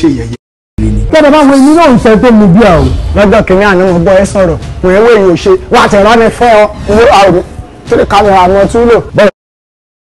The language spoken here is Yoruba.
ṣe yẹ̀yẹ́ tọ́dọ̀ bá wo inú náà ń sọ pé mo bí a o. lọ́jọ́ kìnínní àná mo gbọ́ ẹ sọ̀rọ̀ mo yẹ wéyìn ò ṣe wà á tẹ̀ rán mi fẹ́ ọ owó àrùn tó kámẹ́rà àmọ́ tún lò.